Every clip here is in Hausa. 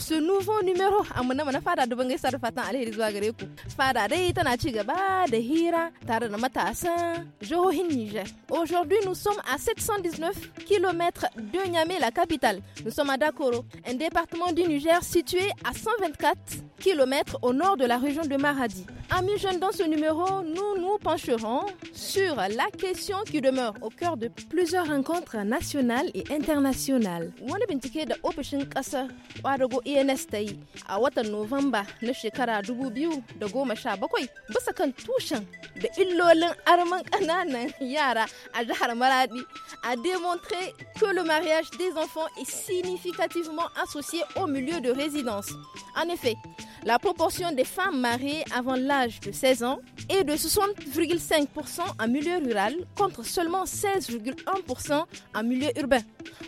ce nouveau numéro aujourd'hui nous sommes à 719 km de Niamey la capitale nous sommes à Dakoro un département du Niger situé à 124 km au nord de la région de Maradi amis jeunes dans ce numéro nous nous pencherons sur la question qui demeure au cœur de plusieurs rencontres nationales et internationales E a watan na shekara 2017 bisa kan da illolin yara a maradi a démontré que le mariage des enfants est significativement associé au milieu de résidence en effet la proportion des femmes mariées avant l'âge de 16 ans est de 60,5% en milieu rural contre seulement 16,1% en milieu urbain.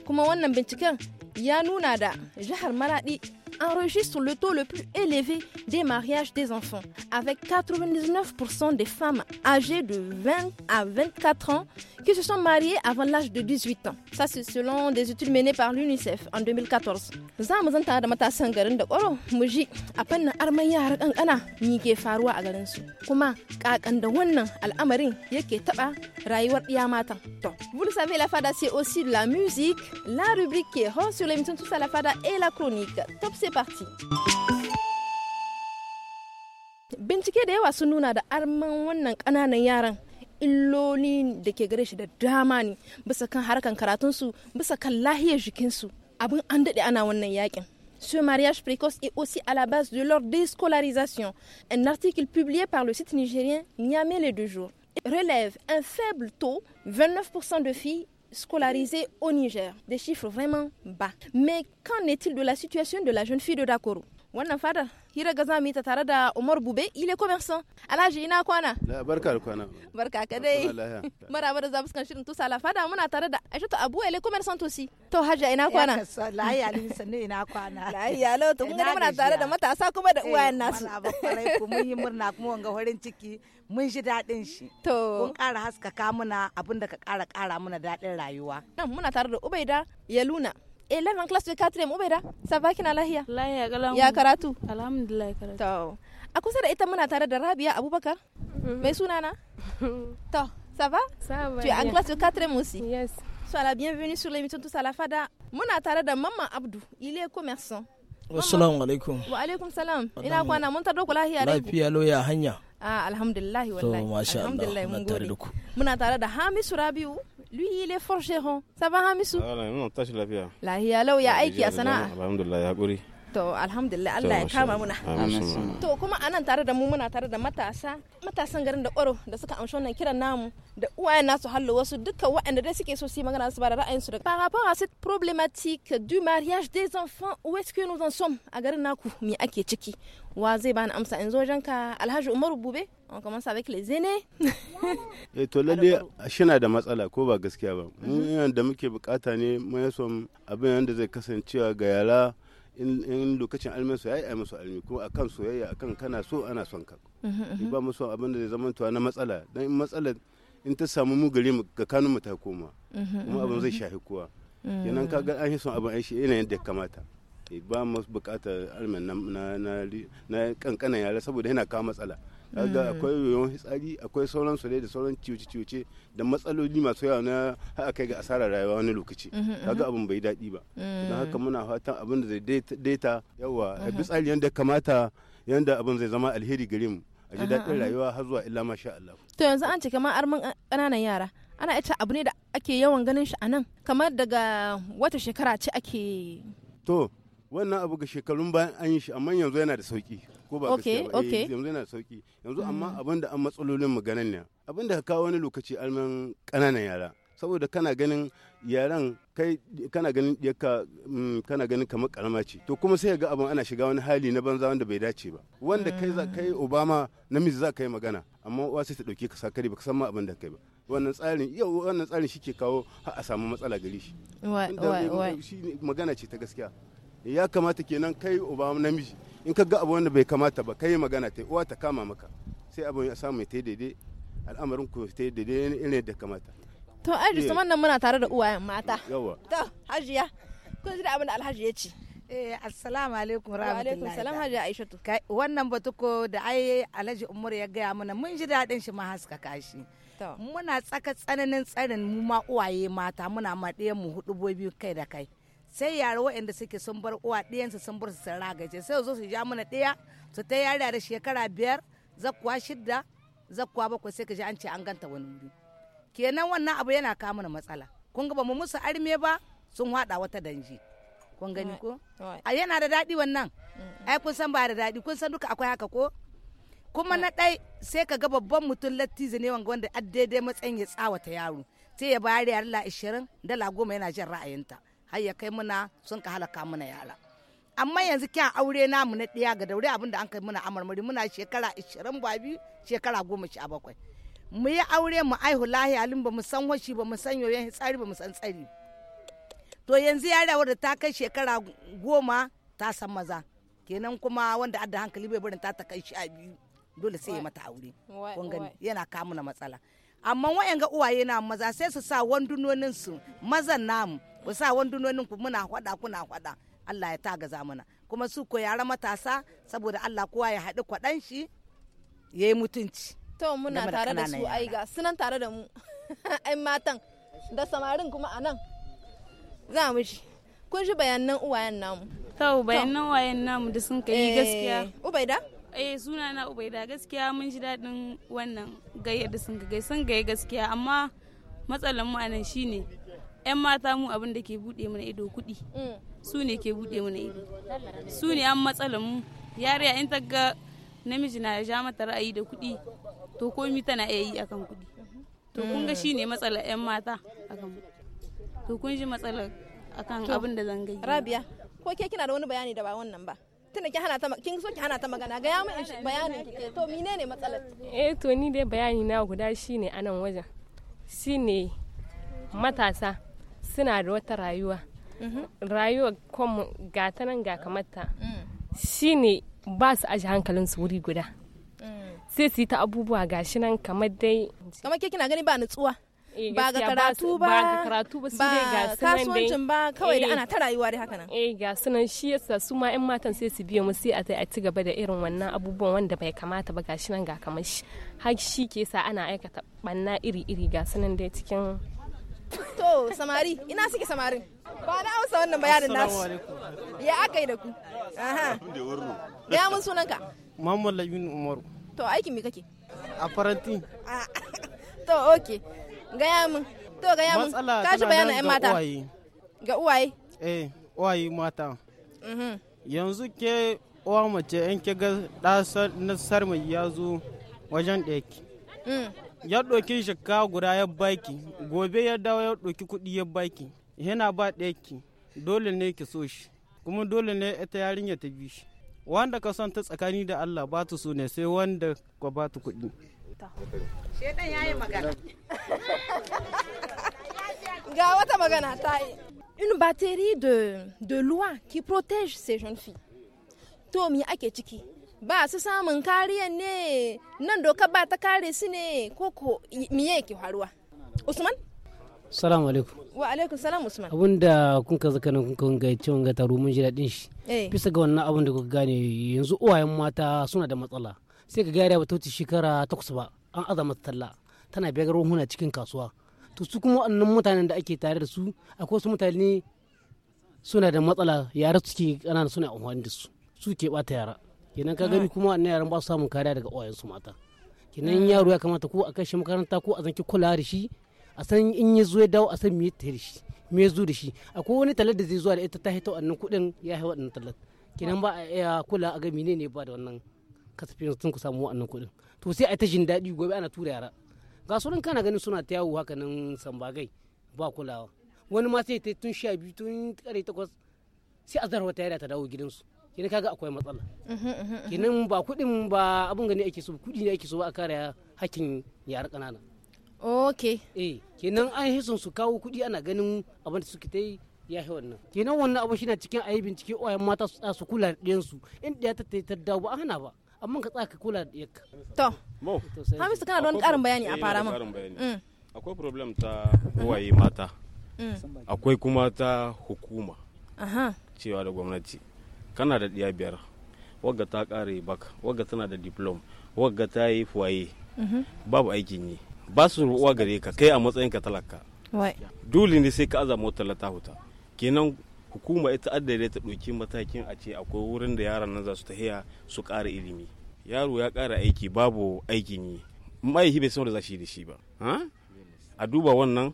Kuma wannan binciken Yanunada, Jahar Maradi, enregistre le taux le plus élevé des mariages des enfants, avec 99% des femmes âgées de 20 à 24 ans qui se sont mariées avant l'âge de 18 ans. Ça, c'est selon des études menées par l'UNICEF en 2014. Vous le savez, la fada, aussi de la musique. La rubrique qui est sur l'émission Tous à la Fada et la chronique. Top, c'est parti. Bintike da yawa sun nuna da arman wannan ƙananan yaran illoli da ke gare shi da dama ne bisa kan harkan karatunsu bisa kan lahiyar jikinsu abin an daɗe ana wannan yakin Ce mariage précoce est aussi à la base de leur déscolarisation. Un article publié par le site nigérien Niamey les deux jours relève un faible taux, 29% de filles scolarisés au Niger. Des chiffres vraiment bas. Mais qu'en est-il de la situation de la jeune fille de Dakoro hira ga zamu yi ta tare da Umar Bube ile commerçant Alhaji ina kwana la barka da kwana barka ka dai maraba da zamu kan shirin tusa lafada muna tare da Aishatu Abu ile commerçant to si to Hajja ina kwana lahiya ni sanne ina kwana lahiya lo to mun muna tare da matasa kuma da eh, uwayen nasu mun yi murna kuma wanga horin ciki mun ji daɗin shi to kun ƙara haskaka muna abin da ka ƙara ƙara muna daɗin rayuwa nan muna tare da Ubaida Yaluna élève en classe de 4e ubeda sabakina lahiya lahiya galam ya karatu alhamdulillah karatu to quoi ça da ita muna tare da Rabia Abubakar mm-hmm. mai sunana to ça va ça va tu es en classe de 4e aussi yes sois la bienvenue sur l'émission Tous à la Fada muna tare da Maman Abdou il est commerçant Assalamu alaikum. Wa alaikum salam. Ina kwana mun ta doku lahiya dai. Lafiya loya hanya. Ah alhamdulillah wallahi. To masha Alhamdulillah mun gode. Muna tare da Hamisu Rabiu lui, il est forgeron. Ça va, Hamissou? Ah, non, tâche La vie, lau il y a il y a guri. To alhamdulillah Allah ya kama muna. To kuma anan tare da mu muna tare da matasa, matasan garin da ƙwaro da suka amshi wannan kiran namu da uwayen nasu hallo wasu dukkan waɗanda dai suke so su yi magana su ba da ra'ayinsu da par rapport à cette problématique du mariage des enfants où est-ce que nous en sommes a garin naku me ake ciki? Wa zai bani amsa in zo janka Alhaji Umaru Bube on commence avec les aînés. Eh to lalle shina da matsala ko ba gaskiya ba. Mun da muke bukata ne mun yaso abin yanda zai kasancewa ga yara in lokacin su ya yi a masu almi kuma akan soyayya akan kana so ana son ka ba mu son abin da zai zama na matsala dan in matsala in ta samu mu gari mu ga kanun mu ta koma kuma abin zai shahi kowa kenan ka ga an yi son abin aishi yana yadda ya kamata eh, ba mu bukatar almin na kankanan yara saboda yana kawo matsala kaga mm. akwai yoyon hitsari akwai sauran su da sauran ciwoce-ciwoce da matsaloli masu yawa na haka kai ga asarar rayuwa wani lokaci mm-hmm, mm-hmm. kaga abin bai daɗi ba mm. don haka muna fatan abin da zai daita yawa a bi mm-hmm. tsari yadda kamata yadda abin zai zama alheri gare mu a ji daɗin rayuwa har zuwa illa masha Allah to yanzu an ce kamar arman ƙananan yara ana ita abu ne da ake yawan ganin shi a nan kamar daga wata shekara ce ake to wannan abu ga shekarun bayan an yi shi amma yanzu yana da sauki ko ba gaskiya ba eh, yanzu yana sauki yanzu mm. amma abin da an matsalolin maganan ne abin da ka kawo wani lokaci alman kananan yara saboda kana ganin yaran kai kana ganin yaka mm, kana ganin kamar karama ce to kuma sai ga abin ana shiga wani hali na banza wanda bai dace ba wanda kai za kai mm. obama namiji za ka yi magana amma uwa sai ta dauke ka sakari baka san ma abin da kai ba wannan tsarin yau wannan tsarin shike kawo har a samu matsala gare shi magana ce ta gaskiya ya kamata kenan kai obama namiji in ka ga abu wanda bai kamata ba kai magana ta uwa ta kama maka sai abu ya samu ta daidai al'amarin ku ta daidai irin da kamata to aji eh. su nan muna tare da uwayen mata yawa to hajiya kun ji da abin da alhaji ya ce Eh, assalamu alaikum rahmatullahi. Wa salam Hajji Aishatu. Wannan batu ko da ai Alhaji Umar ya gaya mana mun ji daɗin shi ma haska kashi Muna tsaka tsananin tsarin mu ma uwaye mata muna ma mu hudu biyu kai da kai. sai yara waɗanda suke sun bar uwa ɗiyansu sun bar su sun ragace sai zo su ja mana ɗiya su ta yara da shekara biyar zakkuwa shidda zakkuwa bakwai sai ka ji an ce an ganta wani wuri kenan wannan abu yana kawo mana matsala kun ga bamu musu arme ba sun haɗa wata danji kun gani ko a yana da daɗi wannan ai kun san ba da daɗi kun san duka akwai haka ko kuma na ɗai sai ka ga babban mutum lattizi ne wanga wanda daidai matsayin ya tsawata yaro sai ya bayar yara la dala goma yana jin ra'ayinta har ya kai muna sun ka halaka muna yara amma yanzu kyan aure na mu na ɗaya ga daure da an kai muna amarmari muna shekara biyu shekara goma sha bakwai mu yi aure mu aihu lahiyalin ba mu san washi ba mu san yoyon tsari ba mu san tsari to yanzu yara wadda ta kai shekara goma ta san maza kenan kuma wanda adda hankali bai barin ta ta kai sha biyu dole sai ya mata aure kun yana kamuna matsala amma ga uwaye na maza sai su sa wandunonin su mazan namu ku sa wandunonin ku muna hwada kuna hwada Allah ya taga zamana kuma su ko yara matasa saboda Allah kowa ya haɗu kwaɗan shi ya yi mutunci to muna tare da su ai ga sunan tare da mu ai matan da samarin kuma a nan za mu shi kun ji bayanan uwayen namu to bayanan uwayen namu da sun kai eh, gaskiya ubaida eh suna na ubaida gaskiya mun ji daɗin wannan gayyar da sun gai sun gaye gaskiya amma matsalar mu anan shine yan mata mu abin da ke buɗe mana ido kuɗi mm. su ne ke buɗe mana ido su ne an matsalan mu yariya in ta ga namiji na ja mata ra'ayi da kuɗi to komi tana iya yi akan kuɗi to mm. kun ga shine matsala yan mata akan to kun ji matsalar akan abin da zan gayi rabiya ko ke kina da wani bayani da ba wannan ba tunda ki hana ta kin so ki hana ta magana ga ya mu bayanin ki to menene matsalar eh to ni dai bayani na guda shine anan wajen shine matasa suna da wata rayuwa mhm. rayuwa kuma ga ta nan ga kamata mm. shine ba su aji hankalin su wuri guda mm. sai su yi ta abubuwa gashi nan kamar dai kamar ke kina gani ba nutsuwa Eh, ba ga karatu ba ba kasuwancin ba kawai da eh. ana ta rayuwa dai haka nan eh ga sunan shi yasa su ma yan matan sai su biya mu sai a tai a ci gaba da irin wannan abubuwan wanda bai kamata ba gashi nan ga kamar shi har shi ke sa ana aikata banna iri-iri ga sunan dai cikin to samari ina suke samarin ba na amsa wannan bayanin nasu ya aka yi da ku ya mun sunanka mamman labin umaru to aikin me kake a farantin ah, to okay gaya min to gaya min ka ji bayanin 'yan mata ga uwaye eh uwaye mata mhm. yanzu ke uwa mace yan ke ga ɗasar mai ya zo wajen ɗaki mm. ya ɗoki shika guda ya baki gobe ya dawo ya ɗoki kuɗi ya baki yana ba ɗaki dole ne ki so shi kuma dole ne ita yarinya ta bi shi wanda ka son ta tsakani da Allah ba ta so ne sai wanda ka ba ta kuɗi Shedan ya yi magana. Ga wata magana ta yi. Une batterie de, de loi qui protège ces jeunes filles. To mi ake ciki? Ba su samun kariya ne nan doka ba ta kare su ne ko ko miye ke faruwa? Usman? Salamu alaikum. Wa alaikum salam Usman. Abunda kun ka zaka nan kun ga cewa ga taro mun ji daɗin shi. Eh. Bisa ga wannan abun da kuka gane yanzu uwayen mata suna da matsala. sai ka gaya ba ta wuce shekara takwas ba an azama talla tana biyar huna cikin kasuwa to su kuma waɗannan mutanen da ake tare da su akwai wasu mutane suna da matsala yara suke ƙanana suna amfani da su su ke bata yara kenan ka gani kuma wannan yaran ba su samun kariya daga su mata kenan yaro ya kamata ko a kai shi makaranta ko a zanki kula da shi a san in ya zo ya dawo a san me ta da shi me zo da shi akwai wani talar da zai zuwa da ita ta haita wannan kuɗin ya haifa wannan talar kenan ba a iya kula a ga menene ba da wannan kasafin sun ku samu wa'annan kuɗin to sai a ta jin daɗi gobe ana tura yara ga su kana ganin suna ta yawo haka nan sambagai ba kulawa wani ma sai ta tun sha biyu tun ƙare takwas sai a zarwa ta yara ta dawo gidansu kenan kaga akwai matsala uhm, uhm, uhm, kenan ba kuɗin ba abin gani ake so kuɗi ne ake so ba a kare hakkin yara ƙanana ok eh kenan an hisun su kawo kuɗi ana ganin abin da suke ta yi ya yi wannan kenan wannan abu shi na cikin ayi bincike oyan mata su kula da ɗiyansu in ya ta ta dawo ba a hana ba amma ka tsaka kula da yakka to mo hamisu kana don karin bayani a eh, fara mun mm. akwai problem ta waye mata mm. akwai kuma ta hukuma cewa da gwamnati kana da diya biyar wagga ta kare baka wagga tana da diplom wagga ta yi fuwaye mhm. babu aikin yi ba su ruwa gare ka kai a matsayin ka talaka dole ne sai ka aza motar ta huta kenan hukuma ita addare ta ɗauki matakin a ce akwai wurin da yaran nan za su tahiya su ƙara ilimi yaro ya ƙara aiki babu aikin yi mai bai san da za shi da shi ba a duba wannan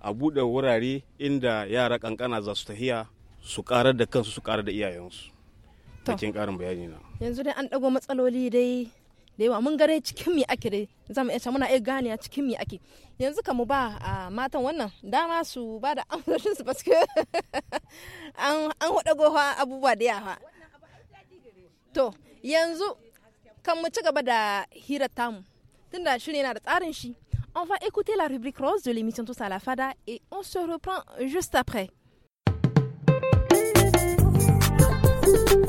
a buɗe wurare inda yara kankana za su tahiya su ƙara da kansu su ƙara da iyayensu cikin bayani na yanzu dai an ɗago matsaloli dai da yawa mun gare cikin mi ake dai zamu mu iya muna iya a cikin mi ake yanzu kamu ba a matan wannan dama su ba da amsoshin su basu an hudu gofa abubuwa da yawa to yanzu kan mu ci gaba da hirar tamu tunda shirin yana da tsarin shi on va écouter la rubrique rose de l'émission Tous à la Fada et on se reprend juste après.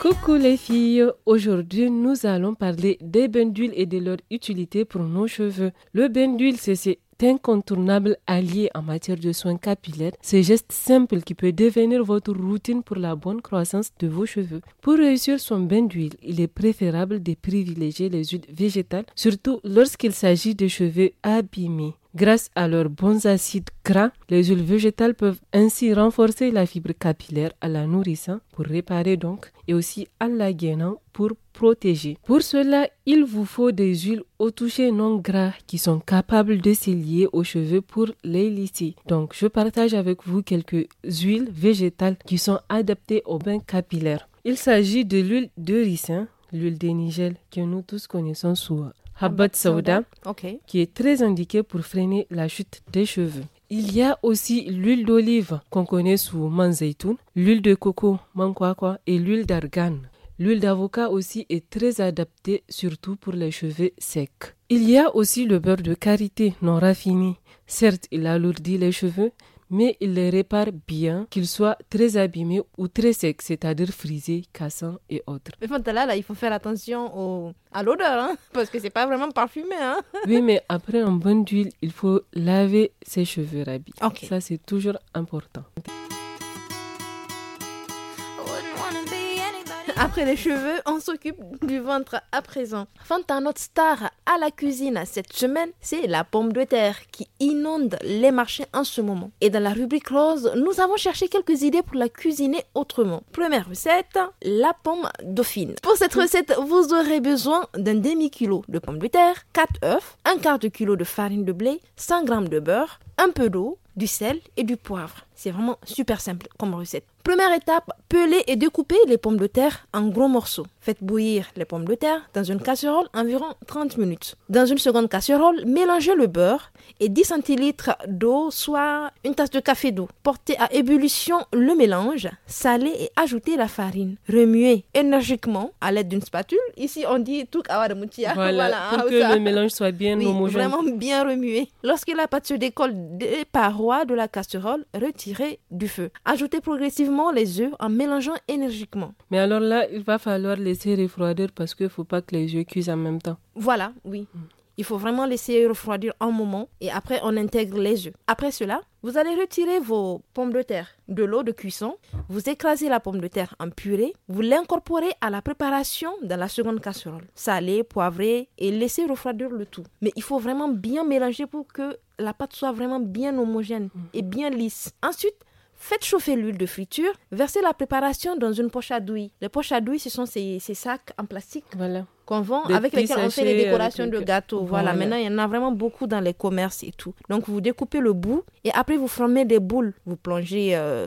Coucou les filles, aujourd'hui nous allons parler des bains d'huile et de leur utilité pour nos cheveux. Le bain d'huile c'est incontournable allié en matière de soins capillaires, ce geste simple qui peut devenir votre routine pour la bonne croissance de vos cheveux. Pour réussir son bain d'huile, il est préférable de privilégier les huiles végétales, surtout lorsqu'il s'agit de cheveux abîmés. Grâce à leurs bons acides gras, les huiles végétales peuvent ainsi renforcer la fibre capillaire à la nourrissant pour réparer donc et aussi à la gainant pour protéger. Pour cela, il vous faut des huiles au toucher non gras qui sont capables de se lier aux cheveux pour les lisser. Donc, je partage avec vous quelques huiles végétales qui sont adaptées au bain capillaire. Il s'agit de l'huile de ricin, l'huile de Nigel que nous tous connaissons sous Habat Sauda, qui est très indiqué pour freiner la chute des cheveux. Il y a aussi l'huile d'olive qu'on connaît sous manzeitoun, l'huile de coco, quoi, et l'huile d'argan. L'huile d'avocat aussi est très adaptée, surtout pour les cheveux secs. Il y a aussi le beurre de karité non raffiné. Certes, il alourdit les cheveux, mais il les répare bien, qu'ils soient très abîmés ou très secs, c'est-à-dire frisés, cassants et autres. Mais Fantala, là, il faut faire attention à l'odeur, hein, parce que c'est pas vraiment parfumé. Hein. oui, mais après un bon d'huile, il faut laver ses cheveux rabis. Ça, c'est toujours important. Après les cheveux, on s'occupe du ventre à présent. Enfin, notre star à la cuisine cette semaine, c'est la pomme de terre qui inonde les marchés en ce moment. Et dans la rubrique rose, nous avons cherché quelques idées pour la cuisiner autrement. Première recette, la pomme dauphine. Pour cette recette, vous aurez besoin d'un demi-kilo de pommes de terre, 4 œufs, un quart de kilo de farine de blé, 100 g de beurre, un peu d'eau, du sel et du poivre. C'est vraiment super simple comme recette. Première étape, peler et découper les pommes de terre en gros morceaux. Faites bouillir les pommes de terre dans une casserole environ 30 minutes. Dans une seconde casserole, mélangez le beurre et 10 centilitres d'eau, soit une tasse de café d'eau. Portez à ébullition le mélange, salez et ajoutez la farine. Remuez énergiquement à l'aide d'une spatule. Ici, on dit tout voilà, voilà, pour hein, que le mélange soit bien Vraiment bien remué. Lorsque la pâte se décolle des parois de la casserole retirées du feu. Ajoutez progressivement les œufs en mélangeant énergiquement. Mais alors là, il va falloir laisser refroidir parce qu'il ne faut pas que les œufs cuisent en même temps. Voilà, oui. Mm. Il faut vraiment laisser refroidir un moment et après on intègre les œufs. Après cela, vous allez retirer vos pommes de terre de l'eau de cuisson, vous écrasez la pomme de terre en purée, vous l'incorporez à la préparation dans la seconde casserole. Saler, poivrer et laisser refroidir le tout. Mais il faut vraiment bien mélanger pour que la pâte soit vraiment bien homogène mhm. et bien lisse. Ensuite, Faites chauffer l'huile de friture, versez la préparation dans une poche à douille. Les poches à douille, ce sont ces, sacs en plastique voilà. qu'on vend, avec lesquels on fait les décorations de gâteaux. Voilà. maintenant il y en a vraiment beaucoup dans les commerces et tout. Donc vous découpez le bout et après vous formez des boules. Vous plongez euh,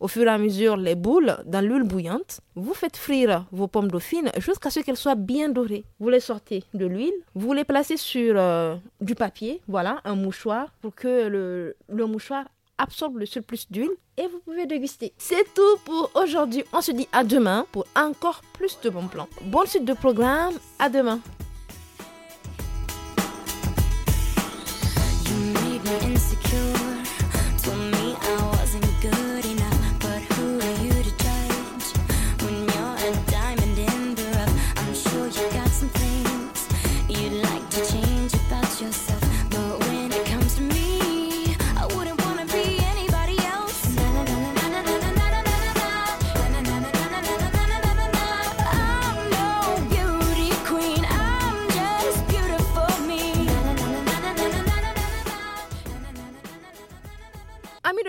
au fur et à mesure, les boules dans l'huile bouillante. Vous faites frire vos pommes dauphines jusqu'à ce qu'elles soient bien dorées. Vous les sortez de l'huile, vous les placez sur euh, du papier, voilà, un mouchoir, pour que le, le mouchoir absorbe le surplus d'huile et vous pouvez déguster. C'est tout pour aujourd'hui. On se dit à demain pour encore plus de bons plans. Bonne suite de programme. À demain.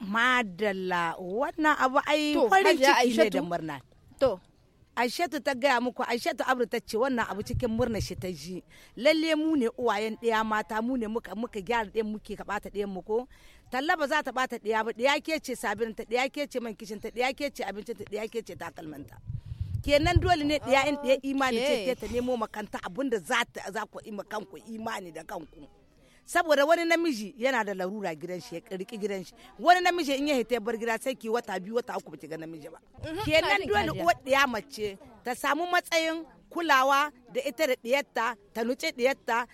madalla wannan abu ai farin ciki ne da murna to Aishatu ta gaya muku Aishatu abu ta ce wannan abu cikin murna shi ta ji lalle mu ne uwayen ɗaya mata mu ne muka muka gyara ɗayan muke ka bata ɗayan mu ko talla ba za ta bata ɗaya ba ɗaya ke ce sabirin ta ɗaya ke ce man kishin ta ɗaya ke ce abincin ta ɗaya ke ce takalmanta kenan dole ne ɗaya in ɗaya imani ce ah, ta nemo makanta abinda za ta za ku kanku imani da kanku saboda wani namiji yana da larura gidan shi ya kirki gidan shi wani namiji in ya hita bar gida sai ki wata biyu wata uku bace ga namiji ba mhm, kenan dole uwar ɗiya mace ta samu matsayin kulawa da ita da ɗiyarta ta nuce ɗiyarta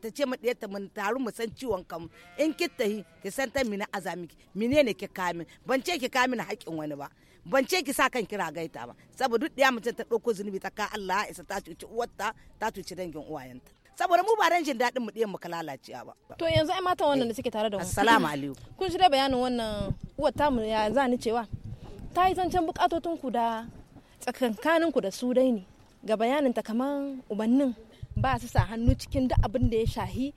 ta ce ma ɗiyarta mun taru mu san ciwon kanmu in kitta hi ki san ta mina azami mine ne ki kamin ban ce ki kamin haƙƙin wani ba ban ce ki sa kan kira gaita ba saboda duk ɗiya mace ta ɗauko zunubi ta ka Allah ya isa ta cuci uwarta ta cuci dangin uwayenta saboda mu ba ran jin daɗin mu ɗiyan mu ka ba to yanzu ai matan wannan da suke tare da mu assalamu alaikum kun shirya bayanin wannan uwar tamu ya za ni cewa ta yi zancen bukatotin ku da tsakankanin ku da su dai ne ga bayanin ta kaman ubannin ba su sa hannu cikin duk abin da ya shahi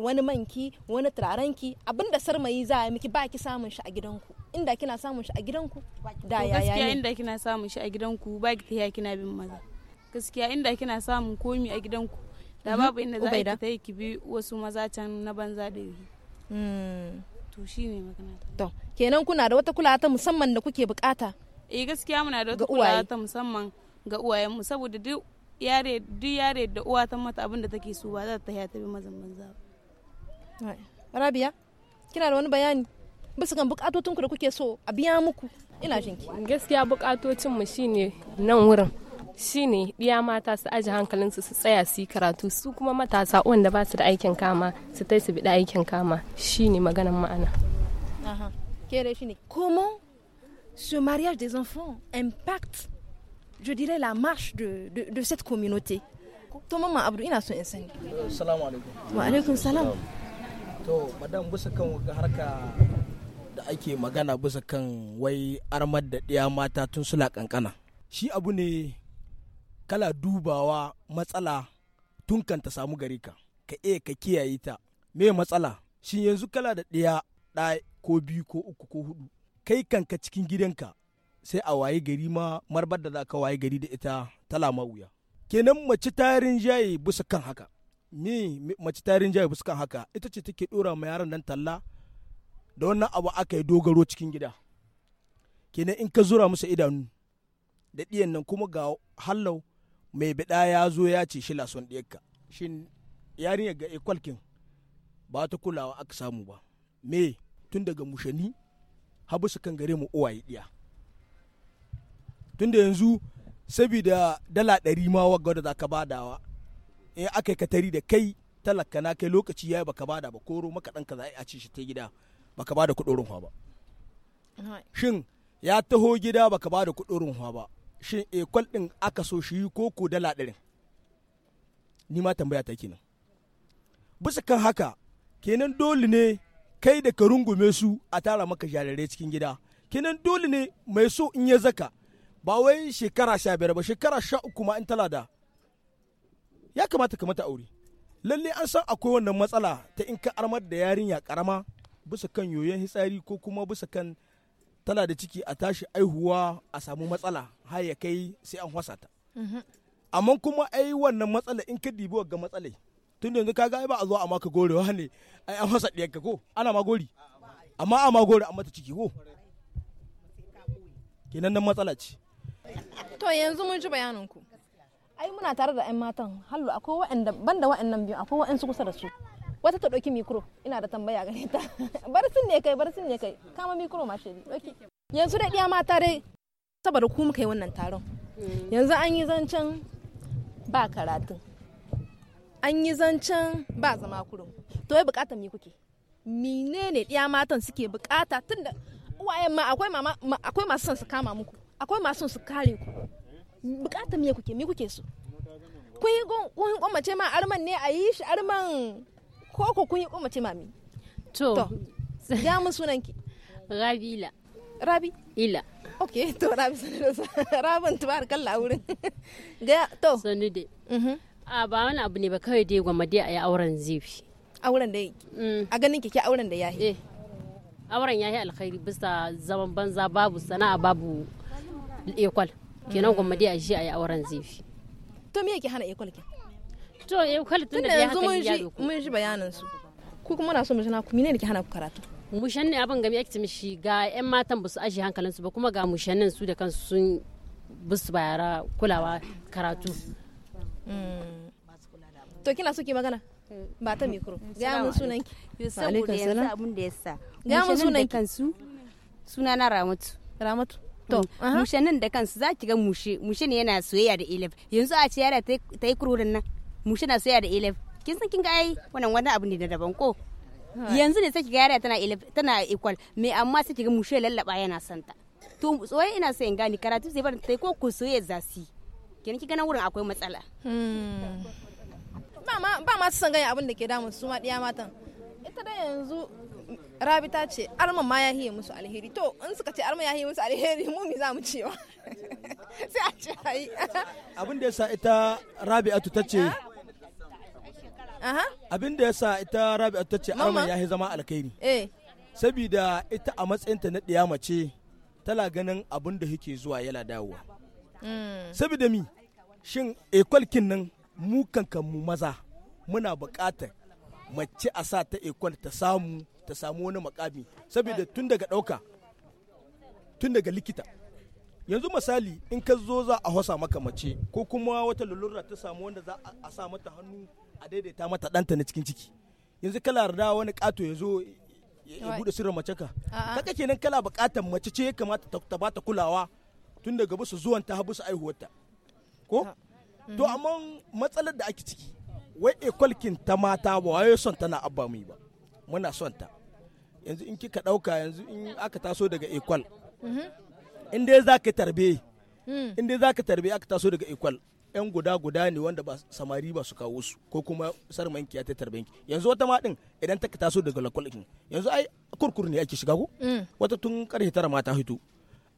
wani manki wani turarenki abin da sarmayi za a miki ba ki samun shi a gidanku inda kina samun shi a gidanku da yaya ne gaskiya inda kina samun shi a gidanku ba ki tafiya kina bin maza gaskiya inda kina samun komi a gidanku da mhm. babu inda za ki ta yi kibi wasu maza can na banza da yi hmm. to shine magana to kenan kuna da wata kulawa ta musamman da kuke bukata eh gaskiya muna da wata kulawa ta musamman ga uwayenmu saboda duk yare duk yare da uwa ta mata abin da take so ba za ta ta bi mazan banza ba Rabiya kina da wani bayani bisa kan bukatotinku da kuke so a biya muku ina jinki gaskiya bukatocin mu shine nan wurin shine ɗiya mata su aji hankalinsu su tsaya su yi karatu su kuma matasa wanda ba su da aikin kama su tai su bi da aikin kama shine maganan ma'ana comment ce mariage des enfants impact je dirais la marche de, de, de cette communauté to mama abdu ina so in sani assalamu alaikum wa alaikum salam to madam bisa kan harka da ake magana bisa kan wai armar da ɗiya mata tun sula kankana shi abu ne kala dubawa matsala tun kan ta samu gare ka ka iya ka kiyaye ta me matsala shin yanzu kala da ɗaya ɗaya ko biyu ko uku ko hudu kai kanka cikin gidanka sai a waye gari ma marbar da za ka waye gari da ita tala ma wuya kenan mace tarin jaye bisa kan haka me mace tarin jaye bisa kan haka ita ce take dora ma yaron nan talla da wannan abu aka yi dogaro cikin gida kenan in ka zura musu idanu da ɗiyan nan kuma ga hallau mai biɗa ya zo ya ce shi lason ɗiyarka shin yarinya ga ikwalkin ba ta kulawa aka samu ba me tun daga mushani habu su kan gare mu uwaye ɗiya tun da yanzu sabida dala ɗari ma wa gwada za ka badawa in aka yi katari da kai talaka na kai lokaci ya yi baka bada ba koro maka ɗan ka za a ci shi ta gida baka bada kuɗorin ba shin ya taho gida baka bada kuɗorin ba shin ekol ɗin aka so shi yi ko ko dala ɗarin ni ma tambaya ta kenan bisa kan haka kenan dole ne kai da ka rungume su a tara maka jarirai cikin gida kenan dole ne mai so in ya zaka ba wai shekara sha biyar ba shekara sha uku ma in tala da ya kamata ka mata aure lalle an san akwai wannan matsala ta in ka armar da yarinya karama bisa kan yoyon hitsari ko kuma bisa kan tana da ciki a tashi aihuwa a samu matsala har ya kai sai an hwasa ta mhm. amma kuma ai wannan matsala in ka dibi ga matsala tun yanzu ka ga ba a zo a maka wa ne ai an hwasa ka ko ana ma gori amma a ma gori an mata ciki ko kenan nan matsala ce to yanzu mun ji bayanin ku ai muna tare da 'yan matan hallo akwai waɗanda banda wa'annan biyu akwai wa'ansu kusa da su wata ta ɗauki mikro ina da tambaya gare ta bar sun ne kai bar sun ne kai kama mikro ma shiri yanzu da ɗiya mata dai saboda ku muka yi wannan taron yanzu an yi zancen ba karatun an yi zancen ba zama kurum to yi bukata me kuke menene ɗiya matan suke bukata tunda uwayen ma akwai mama akwai masu son su kama muku akwai masu son su kare ku bukata me kuke me kuke so kun yi kun mace ma arman ne a yi shi arman ko ko kun yi ko mace mami to ya mun sunan ki rabila rabi ila ok to rabi sanarwa rabin kalla wurin ga to sanu dai mhm. a ba wani abu ne ba kawai dai gwamma dai a yi auren zifi auren da mm. a ganin kike eh. auren da yahi auren yahi alkhairi bisa zaman banza babu sana'a babu ekwal kenan gwamma dai a shi a yi auren zifi to me yake hana ekwal ke to eh kwalit din da ya haka ya doko mun ji bayanin su ku kuma na so mu jina ku mine ne ke hana ku karatu mushan ne abin game yake shi ga yan matan ba su aje su ba kuma ga mushannin su da kansu sun bisu su bayara kulawa karatu hmm. to kina so ki magana ba ta mikro eh, ga mun sunan ki saboda yanzu abin da yasa ga mun sunan kansu suna na ramatu ramatu mm. to nan da kansu za ki ga mushe mushe ne yana soyayya da ilif yanzu a ce yara ta yi kururin nan mushe na soya da elef kin san kin ga ai wannan wani abu ne da daban ko yanzu ne sai ki ga yara tana elef tana equal me amma sai ki ga mushe lallaba yana santa to tsoye ina so in gani karatu zai bar tai ko ku soye zasi kin ki ganin wurin akwai matsala hmm. ba ma ba ma san ganin abin da ke damun su ma diya matan ita da yanzu rabi ta ce arma ma ya hiye musu alheri to in suka ce arma ya hiye musu alheri mu mi za mu cewa sai a ce ayi abin da sa ita rabi'atu ta ce abin da ya sa ita rabi ta ce arman ya zama alkhairi eh. sabida ita a matsayinta na ɗiya mace tana ganin abin da yake zuwa yana dawowa hmm. sabida mi shin ekwalkin nan mu kankan mu maza muna buƙatar mace a sa ta ekwal ta samu ta samu wani makami saboda eh. tun daga ɗauka tun daga likita yanzu misali in ka zo za a hosa maka mace ko kuma wata lalura ta samu wanda za a sa mata hannu a daidaita mata ɗanta na cikin ciki yanzu kala yarda wani ƙato ya zo ya bude sirrin mace ka kaka kenan kala buƙatar mace ce ya kamata ta bata kulawa tun daga bisa zuwan ta habu su aihuwarta ko ah. to amma matsalar da ake ciki wai ekwalkin ta mata ba waye son tana abba mai ba muna son ta yanzu in kika ɗauka yanzu in aka taso daga ekwal mhm. in dai za ka tarbe hmm. in dai za ka tarbe aka taso daga ekwal 'yan guda guda ne wanda ba samari ba su kawo su ko kuma sarman ya tattar banki yanzu wata ma din idan ta taso daga lakwal yanzu ai kurkur ne ake shiga ko mm. wata tun karhe tara ma ta hito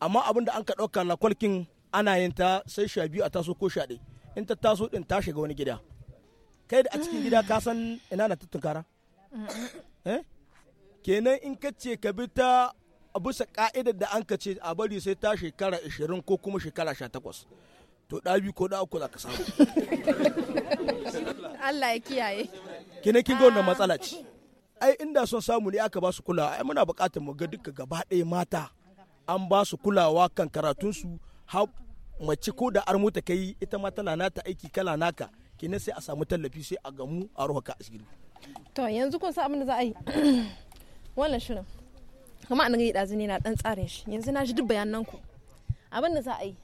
amma abin da an ka ɗauka lakwal kin ana yin ta sai sha biyu a taso ko sha ɗaya in ta taso din ta shiga wani gida kai da a cikin gida ka san ina na tattunkara mm. eh? kenan in ka ce ka bi ta bisa ka'idar da an ka ce a bari sai ta shekara 20 ko kuma shekara 18 to da biyu ko da uku za ka samu Allah ya kiyaye kina kin ga wannan matsala ce ai inda son samu ne aka ba su kulawa ai muna buƙatar mu ga duka gaba ɗaya mata an ba su kulawa kan karatun su ha mace ko da ta kai ita ma tana nata aiki kala naka kenan sai a samu tallafi sai a gamu a ruwa ka asiri to yanzu kun san abin da za a yi wannan shirin kuma an ga yi ɗazu ne na ɗan tsarin shi yanzu na ji duk bayanan ku abin da za a yi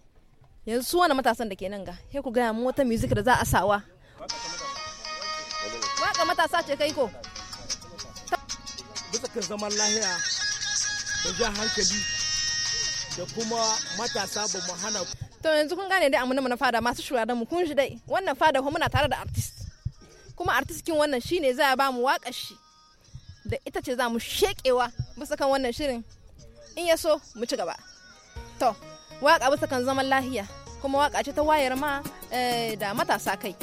yanzu su wani matasan da ke nan ga ku gaya mu wata music da za a sawa waka matasa ce kai ko bisa kan zaman lahiya da ja hankali da kuma matasa ba mu hana to yanzu kun gane dai amuna na fada masu shugaban mu kun shi dai wannan fada kuma muna tare da artist kuma artist kin wannan shine za a ba mu wakar shi da ita ce za mu shekewa bisa kan wannan shirin in ya so mu ci gaba to waƙa bisa kan zaman lahiya kuma waƙa ce ta wayar ma da matasa kai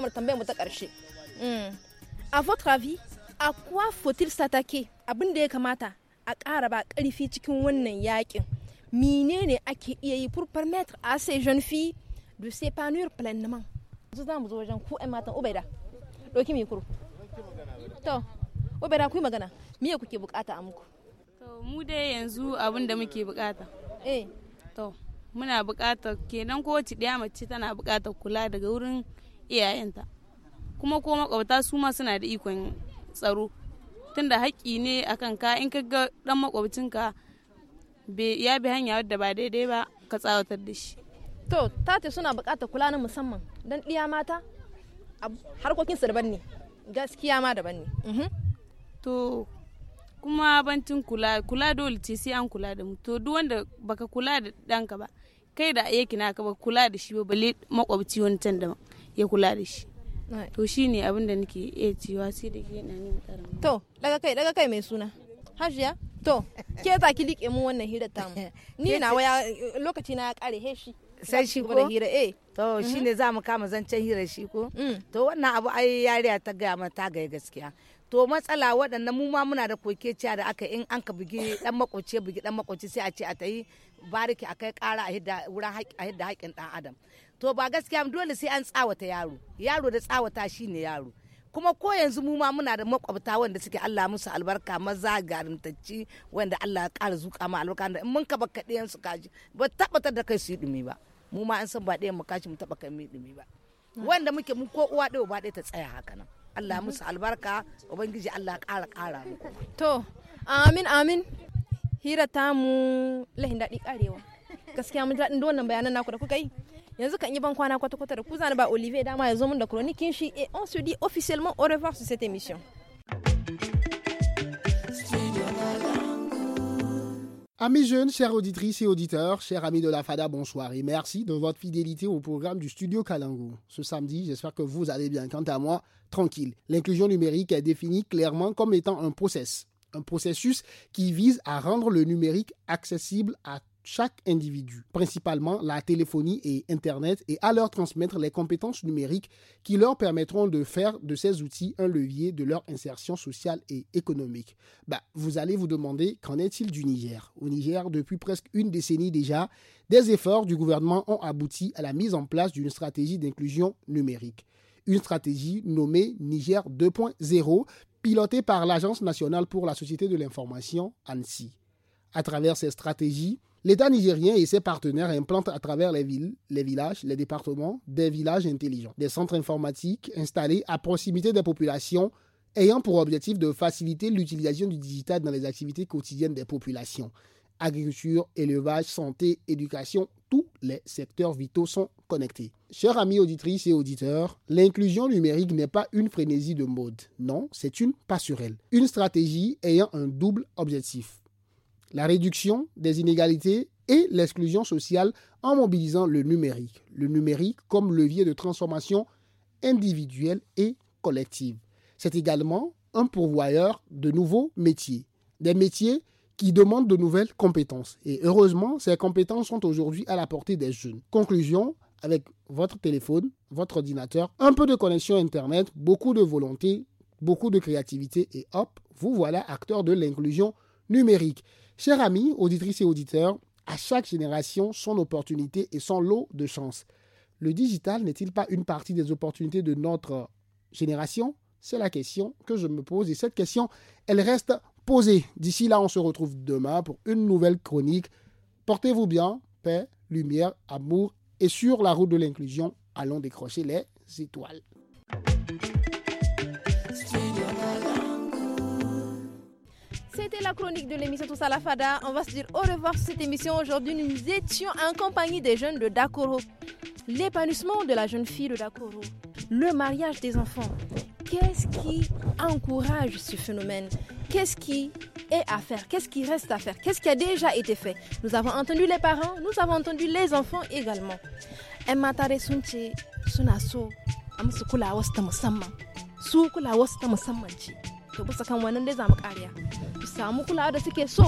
namu tambayar mu ta ƙarshe mm. a votre avis a kuwa fotil satake abin da ya kamata a ƙara ba ƙarfi cikin wannan yakin ne ake iya yi pour permettre à ces jeunes filles de s'épanouir pleinement yanzu za mu zo wajen ku ƴan matan ubaida ɗauki mai kuro to ubaida ku yi magana Miye kuke bukata a muku to mu dai yanzu abin da muke bukata eh to muna bukatar kenan kowace ɗaya mace tana bukatar kula daga wurin iyayenta kuma ko makwabta su ma suna da ikon tsaro tunda haƙƙi ne akan ka in ka ga dan makwabcinka ya bi hanya wadda ba daidai ba ka tsawatar da shi to tate suna buƙatar kula na musamman don ɗiya mata su daban ne gaskiya ma daban ne mhm. to kuma bancin kula kula dole ce sai an kula da mu to duk wanda baka kula da danka ba kai da ayyaki naka ba kula da shi ba balle makwabci wani can da ya kula da shi to shi ne abin da nake iya cewa sai da ke na ni to daga kai daga kai mai suna hajiya to ke za ki liƙe mun wannan hirar tamu ni na waya lokaci na ya kare he shi sai shi ko hira eh to shine mhm. za mu kama zancen hirar shi ko mm. to wannan abu ai yariya ta gaya ma ta gaya gaskiya to matsala waɗannan mu ma muna da koke ciya da aka in an ka bugi dan makoci bugi dan makoci sai a ce a yi bariki a kai ƙara a hidda wurin haƙƙin dan adam to ba gaskiya dole sai an tsawata yaro yaro da tsawata shine yaro kuma ko yanzu mu ma muna da makwabta wanda suke Allah musu albarka maza garimtacci wanda Allah ya ƙara zuƙa ma albarka da in mun ka baka ɗayan su kaji ba tabbatar da kai su yi dumi ba mu ma an san ba ɗayan mu kashi mu taba kai mu dumi ba wanda muke mu ko uwa ɗaya ba ɗaya ta tsaya haka nan Allah musu albarka ubangiji Allah ƙara ƙara mu to amin amin hira ta mu lahin daɗi ƙarewa gaskiya mun daɗin da wannan bayanan naku da kuka yi yanzu kan yi ban kwana kwata kwata da ba Olivier dama ya zo mun da et on se dit officiellement au revoir sur cette émission. Amis jeunes, chers auditrices et auditeurs, chers amis de la FADA, bonsoir et merci de votre fidélité au programme du Studio Kalango. Ce samedi, j'espère que vous allez bien. Quant à moi, tranquille. L'inclusion numérique est définie clairement comme étant un process. Un processus qui vise à rendre le numérique accessible à chaque individu, principalement la téléphonie et Internet, et à leur transmettre les compétences numériques qui leur permettront de faire de ces outils un levier de leur insertion sociale et économique. Bah, vous allez vous demander qu'en est-il du Niger Au Niger, depuis presque une décennie déjà, des efforts du gouvernement ont abouti à la mise en place d'une stratégie d'inclusion numérique. Une stratégie nommée Niger 2.0, pilotée par l'Agence nationale pour la société de l'information, ANSI. À travers cette stratégie, L'État nigérien et ses partenaires implantent à travers les villes, les villages, les départements des villages intelligents, des centres informatiques installés à proximité des populations ayant pour objectif de faciliter l'utilisation du digital dans les activités quotidiennes des populations. Agriculture, élevage, santé, éducation, tous les secteurs vitaux sont connectés. Chers amis auditrices et auditeurs, l'inclusion numérique n'est pas une frénésie de mode. Non, c'est une passerelle, une stratégie ayant un double objectif la réduction des inégalités et l'exclusion sociale en mobilisant le numérique, le numérique comme levier de transformation individuelle et collective. C'est également un pourvoyeur de nouveaux métiers, des métiers qui demandent de nouvelles compétences. Et heureusement, ces compétences sont aujourd'hui à la portée des jeunes. Conclusion, avec votre téléphone, votre ordinateur, un peu de connexion Internet, beaucoup de volonté, beaucoup de créativité et hop, vous voilà acteur de l'inclusion numérique. Chers amis, auditrices et auditeurs, à chaque génération, son opportunité et son lot de chance. Le digital n'est-il pas une partie des opportunités de notre génération C'est la question que je me pose et cette question, elle reste posée. D'ici là, on se retrouve demain pour une nouvelle chronique. Portez-vous bien, paix, lumière, amour et sur la route de l'inclusion, allons décrocher les étoiles. la chronique de l'émission Tous à la Fada. On va se dire au revoir sur cette émission. Aujourd'hui, nous étions en compagnie des jeunes de Dakoro. L'épanouissement de la jeune fille de Dakoro, le mariage des enfants. Qu'est-ce qui encourage ce phénomène Qu'est-ce qui est à faire Qu'est-ce qui reste à faire Qu'est-ce qui a déjà été fait Nous avons entendu les parents, nous avons entendu les enfants également. kan wannan dai samu kulawa da suke so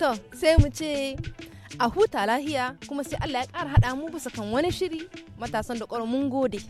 to sai mu ce a huta lahiya kuma sai allah ya ƙara haɗa mu bisa kan wani shiri matasan da ƙwarar mun gode